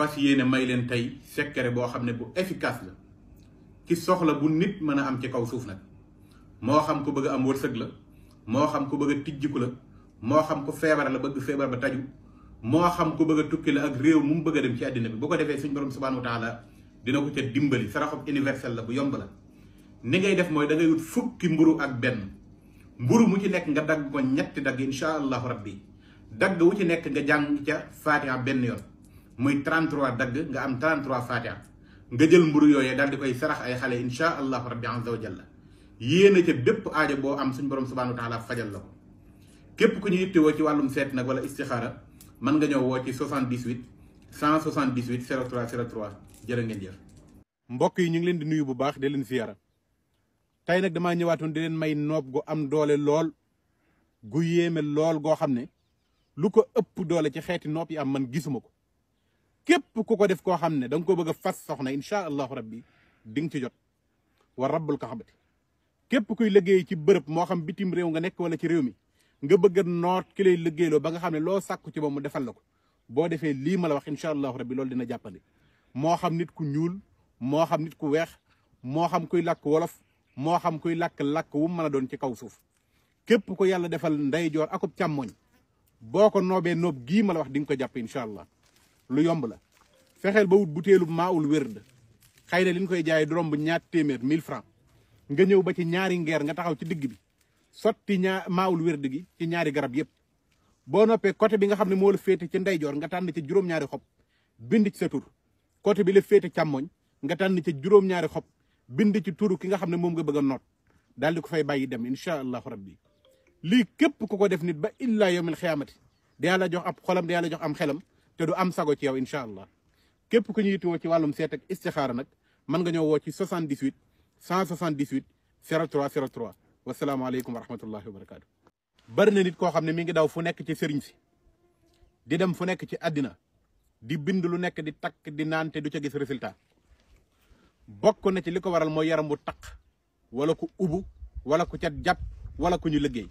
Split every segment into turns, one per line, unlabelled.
fas yéene may leen tey secret boo xam ne bu efficace la ki soxla bu nit mën a am ci kaw suuf nag moo xam ku bëgg am wërsëg la moo xam ku bëgg a tijjiku la moo xam ku feebar la bëgg feebar ba taju moo xam ku bëgg a tukki la ak réew mu mu a dem ci àddina bi bu ko defee suñ borom subhanahu wa taala dina ko ca dimbali saraxob universel la bu yomb la ni ngay def mooy da ngay wut fukki mburu ak benn mburu mu ci nekk nga dagg ko ñetti dagg insha allahu rabbi dagg wu ci nekk nga jàng ca fatiha benn yoon moy 33 dag nga am 33 fatiha nga jël mburu yoyé dal di koy sarax ay xalé insha allah rabbi azza wa jalla yéene ca bépp aajo boo am suñu borom subhanahu wa taala fajal lako képp ku ñu yitté wo ci walum sét nak wala istikhara man nga ñow wo ci 78 178 03 03 jërë ngeen jëf mbokk yi ñu ngi leen di nuyu bu baax di leen siyaara tay nak dama ñëwaatoon di leen may noob go am doole lool gu yéme lool go xamné lu ko ëpp doole ci xeeti noob yi am man gisumako képp ku ko def ko xamne dang ko bëgg fas soxna insha allah rabbi ding ci jot wa rabbul kahbati képp kuy liggéey ci bërëb mo xam bitim rew nga nek wala ci rew mi nga bëgg noot ki lay lo ba nga xamne lo sakku ci ba mu defal lako bo defé li mala wax insha allah rabbi lol dina jàppandi mo xam nit ku ñuul mo xam nit ku wex mo xam kuy lak wolof mo xam kuy lak lak wu mën doon ci kaw suuf képp ko yalla defal nday jor, akup boo ko noobee noob nob ma la wax ding ko japp allah lu yomb la fexeel ba wut butéelu maawul wérd xëy na li koy jaay du romb ñaar téeméer 1000 francs nga ñëw ba ci ñaari ngeer nga taxaw ci digg bi sotti ñaa maawul wérd gi ci ñaari garab yépp boo noppee côté bi nga xam ne moo féete ci ndeyjoor nga tànn ci juróom-ñaari xob bind ci sa tur côté bi la féete càmmoñ nga tànn ci juróom-ñaari xob bind ci turu ki nga xam ne moom nga bëgg a noot daal ko fay bàyyi dem incha allahu rabbi lii képp ku ko def nit ba illa yawmil xiyaamati da yàlla jox ab xolam da yàlla jox am xelam te du am sago ci yow incha allah képp ku ñu yittewoo ci wàllum seet ak istixaara nag mën nga ñëw woo ci 78 178 03 03 wasalaamaaleykum wa rahmatullahi wa barakaatu. bari na nit koo xam ne mi ngi daw fu nekk ci sëriñ si dem fu nekk ci àddina di bind lu nekk di takk di naan du ca gis résultat bokk na ci li ko waral mooy yaram wu taq wala ku ubu wala ku cat jàpp wala ku ñu liggéey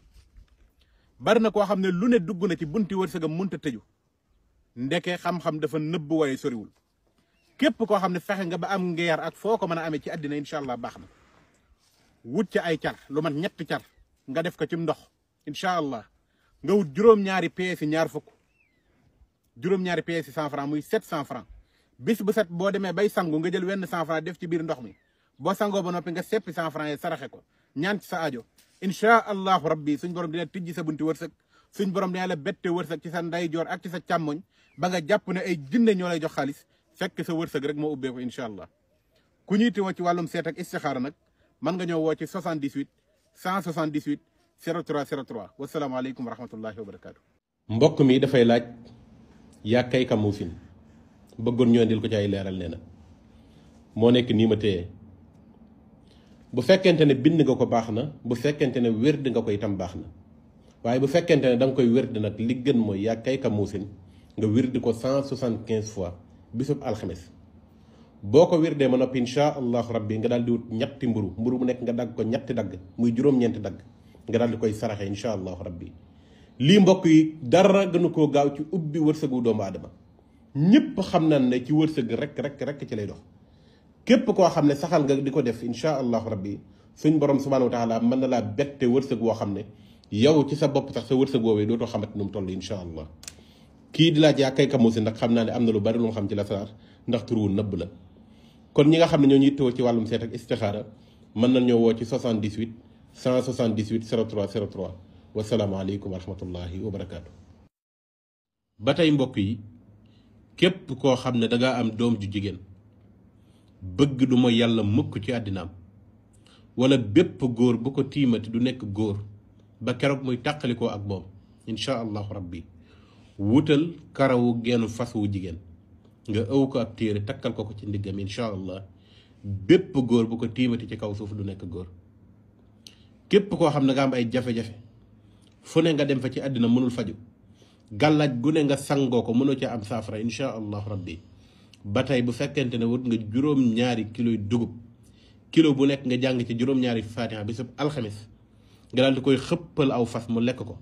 bari na koo xam ne lu ne dugg na ci bunti wërsëgam mënut munta tëju. ndeke xam-xam dafa nëbb waaye soriwul képp koo xam ne fexe nga ba am ngeer ak foo ko mën a amee ci àddina incha allah baax na wut ci ay car lu mat ñett car nga def ko ci ndox incha allah nga wut juróom-ñaari pièces ñaar fukk juróom-ñaari pièces cent franc muy sept cent franc bis bu set boo demee bay sangu nga jël wenn cent franc def ci biir ndox mi boo sangoo ba noppi nga seppi cent franc yi saraxe ko ñaan ci sa aajo incha allahu rabbi suñ borom dina tijji sa bunti wërsëg suñ borom dina la bette wërsëg ci sa ndeyjoor ak ci sa càmmoñ ba nga jàpp ne ay jinne ñoo lay jox xaalis fekk sa wërsëg rek moo ubbeeku incha allah ku ñuy teewoo ci wàllum seet ak istixaara nag man nga ñëw woo ci 78 178 03 03 wasalaamaaleykum wa rahmatullahi wa barakaatu. mbokk mi dafay laaj yàkkay kamuusin bëggoon ñoo indil ko ci ay leeral nee na moo nekk nii ma téye bu fekkente ne bind nga ko baax na bu fekkente ne wér di nga ko itam baax na. waaye bu fekkente ne da nga koy wérdi nag li gën mooy yaa kay ka muusin nga wérdi ko cent soixante quinze fois bisub alxames boo ko wérdee ma noppi incha allahu rabbi nga daal di wut ñetti mburu mburu mu nekk nga dagg ko ñetti dagg muy juróom-ñeenti dagg nga di koy saraxe incha allahu rabbi lii mbokk yi dara gënu koo gaaw ci ubbi wërsëgu doomu aadama ñëpp xam nañ ne ci wërsëg rek rek rek ci lay dox képp koo xam ne saxal nga di ko def incha allahu rabbi suñ borom subhanahu wa taala mën na laa bette wërsëg woo xam ne yow ci sa bopp sax sa wërsëg woowee dootoo xamante nu mu toll incha allah kii di laaj yaa kay kamusi ndax xam naa ne am na lu bari lu mu xam ci lasaraar ndax turu nëbb la kon ñi nga xam ne ñoo ñuy tëw ci wàllum seet ak istixaara mën nañ ñoo woo ci 78 178 03 03 wasalaamaaleykum wa rahmatullahi wa barakaatu. ba tey mbokk yi képp koo xam ne danga am doom ju jigéen bëgg du ma yàlla mukk ci àddinaam walla bépp góor bu ko tiimati du nekk góor. ba kérok muy takaliko ak moom incha allah rabbi wutal karawu genu fasu jigen nga ew ko ab téré takal ko ko ci ndigam incha allah bépp góor bu ko tiimati ci kaw suuf du nek gor képp ko xamna nga am ay jafe-jafe fune nga dem fa ci adina mënul faju galaj gune nga sango ko mënoo ci am saafara incha allah rabbi batay bu fekente ne wut nga juróom-ñaari kilo dugub kilo bu nek nga jang ci juróom-ñaari fatiha bisub nga dal di koy xëppal aw fas mu lekk ko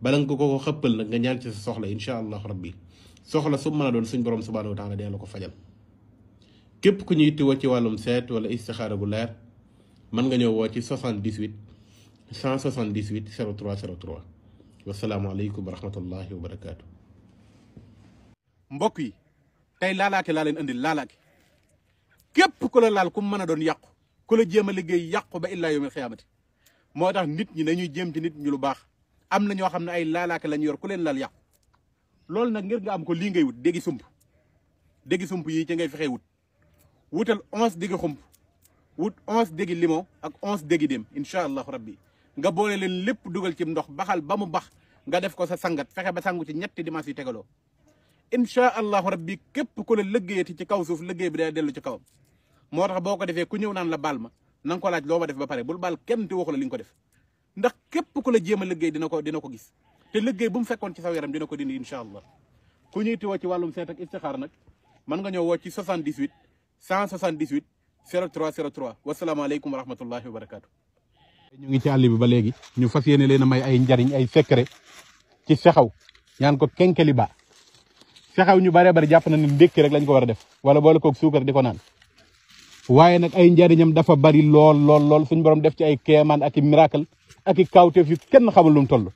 bala nga ko ko xëppal nag nga ñaan ci sa soxla incha allahu rabbi soxla su mën a doon suñ borom subhanahu wa taala dina la ko fajal képp ku ñuy yittewoo ci wàllum seet wala istixaara bu leer mën nga ñëw woo ci 78 178 03 03 wasalaamaaleykum wa rahmatullahi wa barakaatu. mbokk yi tey laalaake laa leen andil laalaake képp ku la laal ku mu mën a doon yàqu ku la jéem a liggéey yàqu ba illaa yawmil xiyaamati moo tax nit ñi dañuy jéem ci nit ñu lu baax am na ñoo xam ne ay laalaaka lañ yor ku leen lal yàqu loolu nag ngir nga am ko lii ngay wut déggi sump déggi sump yi ci ngay fexee wut wutal onze déggi xump wut onze déggi limon ak onze déggi dem incha allahu rabbi nga boole leen lépp dugal cim ndox baxal ba mu bax nga def ko sa sangat fexe ba sangu ci ñetti dimanche yu tegaloo incha allahu rabbi képp ku la lëggéeyati ci kaw suuf lëggéey bi day dellu ci kawam moo tax boo ko defee ku ñëw naan la baal ma na ko laaj loo ma def ba pare bul baal kenn te waxu la li ko def ndax képp ku la jéem a liggéey dina ko dina ko gis te liggéey bu mu fekkoon ci saw dina ko dindi incha allah ku ñuy tiwoo ci wàllum seet ak istixaar nag mën nga ñëw woo ci 78 178 03 03 wasalaamaaleykum wa rahmatullahi wa barakaatu. ñoo ngi ci àll bi ba léegi ñu fas yéene leen a may ay njariñ ay secret ci sexaw ñaan ko kenkeliba sexaw ñu bare bare jàpp na ne ndékki rek lañ ko war a def wala boole koog suukar di waye nak ay njariñam dafa bari lol lol lol suñu borom def ci ay keman ak miracle ak kawte fi kenn xamul lu mu tollu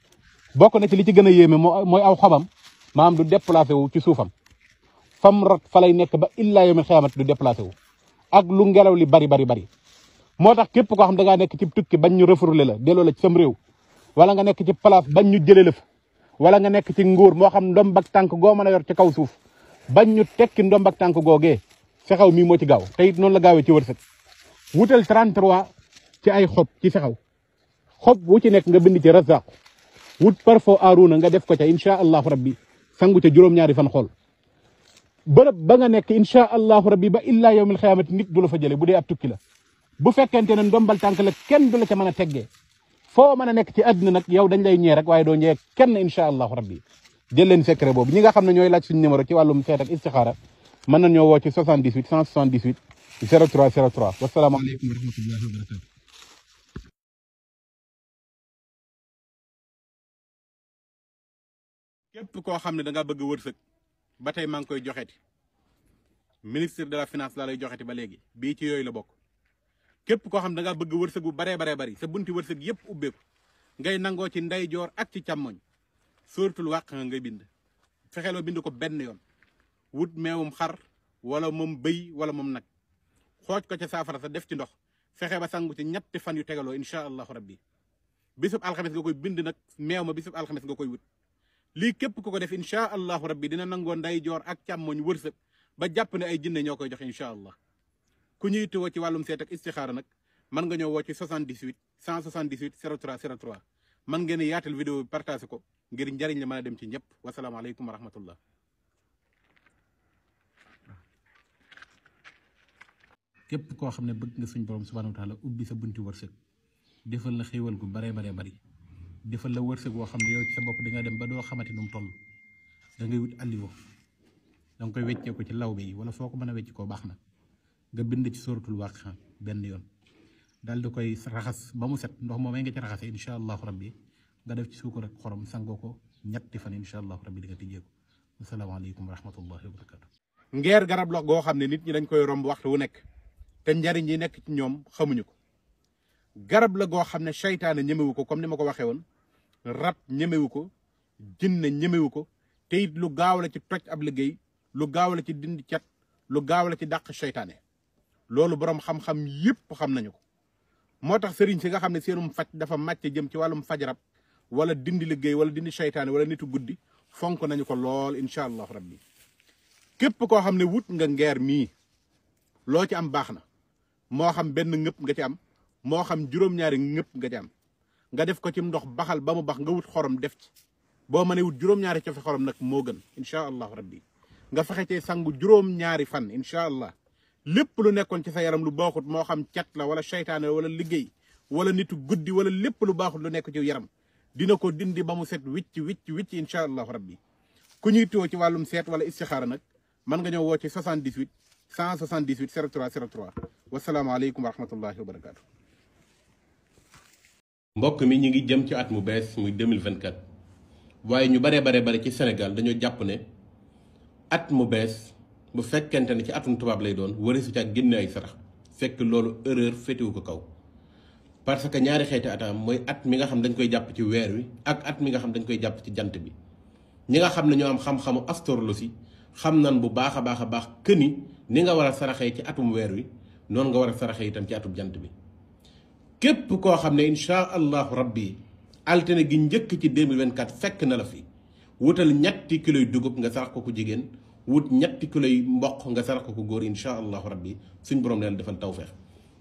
bokku na ci li ci gëna yéme moy aw xobam maam du déplacer wu ci suufam fam rat falay nek ba illa yawmi khiyamah du déplacer wu ak lu ngelaw li bari bari bari motax kep ko xam da nga nek ci tukki bañ ñu refourlé la délo la ci sam réew wala nga nek ci place bañ ñu jëlé leuf wala nga nek ci nguur mo xam ndom bak tank go mëna yor ci kaw suuf bañ ñu tekki bak tank goge fexew mi moo ci gaaw te it noonu la gaawee ci wërsëg wutal 33 ci ay xob ci fexew xob wu ci nekk nga bind ci razaqu wut parfo aruna nga def ko ci insha allah rabbi sangu ci juróom-ñaari fan xool beurep ba nga nek insha allah rabbi ba illa yawm al xiyaamati nit dula fa jële budé ab tukki la bu fekkente ne ndombal tànk la kenn dula ci ca téggé fo teggee nek ci àdduna nak yow dañ lay ñé rek waye do ñé kenn insha allah rabbi jël len secret bobu ñi nga xamne ñoy ñooy laaj suñu numéro ci walum seet ak istixaara mën na ñoo woo ci 78 178 03 03 wasalaamaaleykum wa rahmatullahi wa barakatu képp koo xam ne da bëgg wërsëg ba tey maa ngi koy joxeti ministre de la finance laa lay joxeti ba léegi bii ci yooyu la bokk képp koo xam ne da nga bëgg wërsëg bu baree baree bari sa bunti wërsëg yépp ubbeeku ngay nangoo ci ndeyjoor ak ci càmmoñ sóoratul wàq nga ngay bind fexeeloo bind ko benn yoon wut meewum xar wala moom bëy wala moom nag xooj ko ca saafara sa def ci ndox fexe ba sangu ci ñetti fan yu tegaloo incha allahu rabbi bisub alxames nga koy bind nag meew ma bisub alxames nga koy wut lii képp ku ko def incha allahu rabbi dina nangoon nday joor ak càmmoñ wërsëg ba jàpp ne ay jinne ñoo koy joxe incha allah ku ñuy tuwo ci wàllum seet ak istixaara nag mën nga ñëw woo ci 78 178 03 03 mën ngeen yaatal vidéo bi partage ko ngir njariñ la mën a dem ci ñëpp wasalaamaaleykum wa képp koo xam ne bëgg nga suñ borom subhanahu wa taala ubbi sa bunti wërsëg defal la xéewal gu bare bare bari defal la wërsëg woo xam ne yow ci sa bopp di nga dem ba doo xamati num toll da ngay wut alliwo da nga koy weccee ko ci law bi wala foo ko mën a wecc koo baax na nga bind ci suratul waqiha benn yoon dal di koy raxas ba mu set ndox moomee nga ci raxase incha allahu rabbi nga def ci suukar ak xorom sangoo ko ñetti fan incha allahu rabbi di nga tijjee ko wasalaamaaleykum wa rahmatullahi wa barakatu. ngeer garab la goo xam ne nit ñi dañ koy romb waxtu wu nekk. te njariñ yi nekk ci ñoom xamuñu ko garab la goo xam ne seytaane ñemewu ko comme ni ma ko waxee woon rab ñemewu ko jinne ñemewu ko te lu gaaw la ci toj ab liggéey lu gaaw la ci dind cat lu gaaw la ci dàq seytaane loolu boroom xam-xam yépp xam nañu ko moo tax sëriñ si nga xam ne seenum faj dafa màcce jëm ci wàllum faj rab wala dindi liggéey wala dindi saytaane wala nitu guddi fonk nañu ko lool incha allahu rabbi képp koo xam ne wut nga ngeer mii loo ci am baax na moo xam benn ngëpp nga ci am moo xam juróom-ñaari ngëpp nga ci am nga def ko ci ndox baxal ba mu bax nga wut xorom def ci boo mënee wut juróom-ñaari cofe xorom nag moo gën incha allahu rabbi nga fexe cee sangu juróom-ñaari fan incha allah lépp lu nekkoon ci sa yaram lu baaxut moo xam cat la wala seytaane wala liggéey wala nitu guddi wala lépp lu baaxut lu nekk ci yaram dina ko dindi ba mu set wicc wicc wicc incha allahu rabbi ku ñuy tuwo ci wàllum seet wala istixaara nag mën nga ñëw woo ci 78 178 03 03 wasalaamaaleykum wa rahmatullahi wa barakaatu. mbokk mi ñu ngi jëm ci at mu bees muy 2024 waaye ñu bare bare bare ci Sénégal dañoo ne at mu bu fekkente ne ci atum tubaab lay doon wari su ca génne ay sarax fekk loolu erreur féetewu ko kaw parce que ñaari xeeti ataam mooy at mi nga xam dañ koy jàpp ci weer wi ak at mi nga xam dañ koy ci jant bi ñi nga xam am xam-xamu astrologie xam nan bu baax a baax a ni nga wara a ci atum wer wi non nga wara a saraxee itam ci atum jant bi kep ko xamne insha allah rabbi altene gi njëkk ci 2024 fekk na la fi wutal ñetti kiloy dugub nga sarax ko ku jigen wut ñetti kiloy mbokk nga sarax ko ku góor insha allah rabbi suñ borom leen defal tawfiq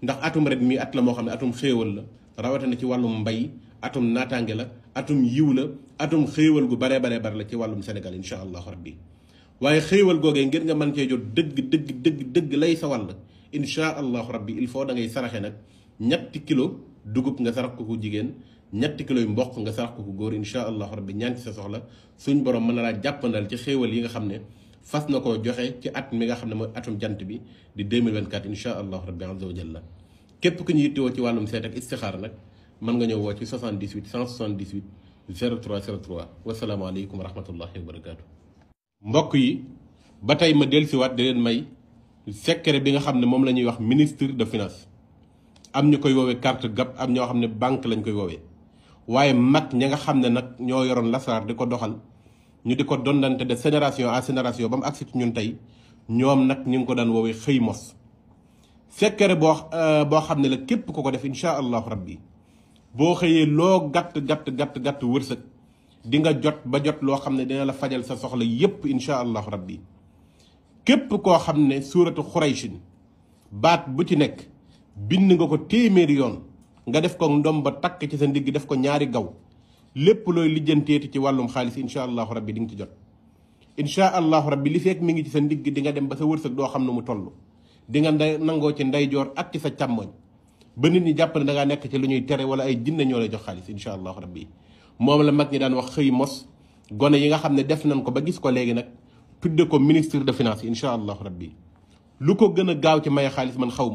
ndax atum rek mi at la mo xamne atum xéewal la rawata na ci walum mbay atum natangela atum yiwla atum xéewal gu bare bare bare la ci walum Sénégal insha allah rabbi waaye xéewal googee ngir nga man cee jot dëgg dëgg dëgg dëgg lay sa wàll insha allahu rabbi il faut da ngay saraxe nag ñetti kilo dugub nga sarax ko ku jigéen ñetti kilo yu mboq nga sarax ko ku góor insha allahu rabbi ñaan ci sa soxla suñ borom mën na laa jàppandal ci xéewal yi nga xam ne fas na koo joxe ci at mi nga xam ne mooy atum jant bi di 2024 insha allahu rabbi azza wa képp ku ñu woo ci wàllum seet ak nag mën nga ñëw woo ci 78 178 03 03 wasalaamaaleykum wa rahmatullahi wa barakaatu. mbokk yi ba tey ma dellusiwaat di leen may secret bi nga xam ne moom la ñuy wax ministre de finance am ñu koy woowee carte gab am ñoo xam ne banque lañ koy woowee waaye mag ñi nga xam ne nag ñoo yoroon lasaraar di ko doxal ñu di ko dondante de sénération à sénération ba mu agsi ci ñun tey ñoom nag ñu ngi ko daan woowee xëy mos secret boo euh, boo xam ne la képp ko ko def incha allahu rabbi boo xëyee loo gàtt gàtt gàtt gàtt wërsëg di nga jot ba jot loo xam ne dina la fajal sa soxla yépp incha allahu rabbi képp koo xam ne suuratu xurayshin baat bu ci nekk bind nga ko téeméeri yoon nga def ko ndom ba takk ci sa ndigg def ko ñaari gaw lépp looy lijjanteeti ci wàllum xaalis incha allahu rabbi di nga ci jot incha allahu rabbi li fekk mi ngi ci sa ndigg di nga dem ba sa wërsëg doo xam ne mu toll di nga nangoo ci ndeyjoor ak ci sa càmmoñ ba nit ñi jàpp ne da ngaa nekk ci lu ñuy tere wala ay jinne ñoo lay jox xaalis incha allahu mom la mag ñi daan wax xëy mos gone yi nga xamne def nañ ko ba gis ko léegi nak tudde ko ministre de finance incha allahu rabbi lu ko gëna gaaw ci maye xaalis man xaw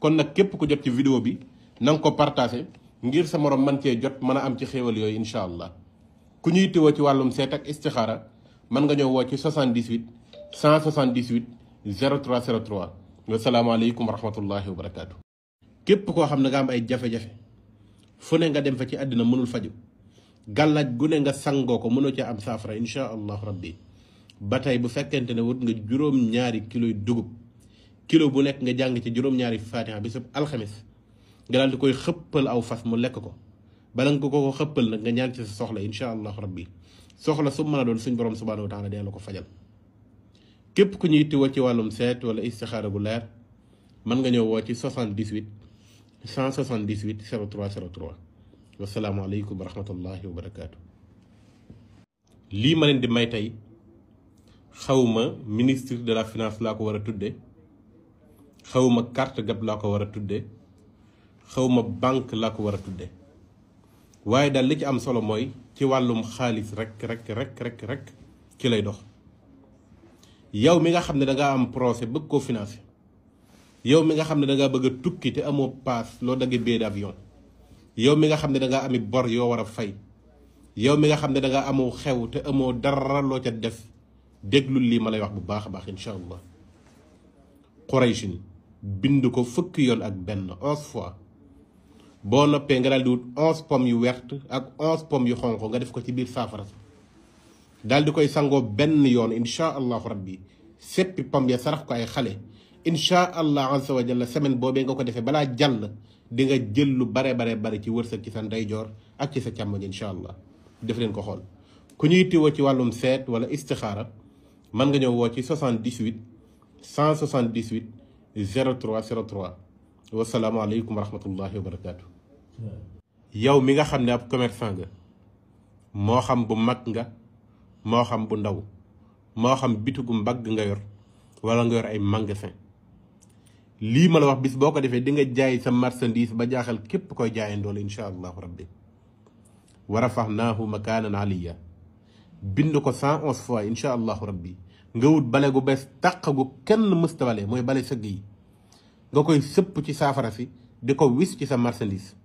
kon nak kep ku jot ci vidéo bi nang ko partager ngir sa morom man ci jot mën am ci xéewal yoy incha allah ku ñuy tiwoo ci walum set ak istikhara man nga ñëw wo ci 78 178 0303 wasalaamaaleykum wa rahmatullahi wa barakatuh kep ko xamne nga am ay jafe-jafe fune nga dem fa ci adina mënul faju galaj gune nga sango ko mënoo ci am safra insha allah rabbi batay bu fekkente ne wut nga juróom-ñaari kilo dugub kilo bu nek nga jàng ci juróom-ñaari fatiha bisub khamis nga dal di koy xëppal aw fas mu lek ko balang ko ko xëppal nak nga ñaan ci soxla insha allah rabbi soxla su mën a doon suñ borom subhanahu wa taala dina la ko fajal kep ku ñuy tiwa ci walum set wala istikhara bu leer man nga ñëw wo ci 78 178 03 03 wasalaamualeykum wa rahmatullahi wa barakaatu. lii ma leen di may tey xawma ministre de la finance laa ko war a tudde xawma carte gab laa ko war a tudde xawma banque laa ko war a tudde waaye daal li ci am solo mooy ci wàllum xaalis rek rek rek rek ci lay dox yow mi nga xam ne dangaa am projet bëgg koo financé yow mi nga xam ne dangaa bëgg a tukki te amoo paas loo daggee billet yoon yow mi nga xamne da nga ami bor yo wara fay yow mi nga xamne da nga amo xew te amo dara lo ca def déglul li malay wax bu baax a baax incha allah bind ko fukk yon ak ben 11 fois bo noppé nga daal di wut 11 pomme yu werte ak 11 pomme yu xonko nga def ko ci bir safara daal di koy sango ben yon inshallah rabbi seppi pomme ya sarax ko ay xale inshallah azza wa jalla semaine bobé nga ko defé bala jàll di nga jël lu bare bare bare ci wërsëg ci sa ndeyjoor ak ci sa càmmoñ incha allah def leen ko xool ku ñuy tiwoo ci wàllum seet wala istixaara mën nga ñëw woo ci 78 178 03 03 wasalaamaaleykum wa rahmatullahi wa barakaatu. yow mi nga xam ne ab commerçant nga moo xam bu mag nga moo xam bu ndaw moo xam bitigu mbagg nga yor walla nga yor ay magasin. li ma la wax bis boko defé di nga jaay sa marchandise ba jaaxal kep koy jaayandoole incha allahu rabbi wa rafahnaahu makaanan aliya bind ko 111 fois inshallah rabbi nga wut bale gu bes tàq gu kenn mësta moy bale seug yi nga koy sëpp ci safara fi diko wiss ci sa marchandise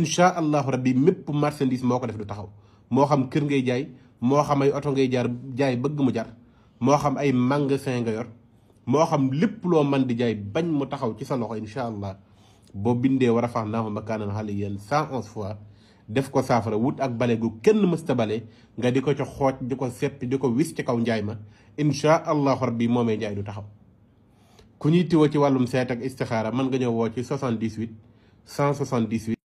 inshallah rabbi mépp marchandise moko def du taxaw mo xam keur ngay jaay mo xam ay auto ngay jaar jaay beug mu jaar mo xam ay magasin nga yor moo xam lépp loo man di jaay bañ mu taxaw ci sa loxo incha allah boo bindee war a fax naa ma ma makaanan xaliyan cent onze fois def ko saafara wut ak bale gu kenn mësta bale nga di ko ca xooj di ko seppi di ko wis ci kaw njaay ma incha allahu rabbi moomee jaay du taxaw ku ñuy tiwo ci wàllum seet ak istixaara mën nga ñëw woo ci 78 178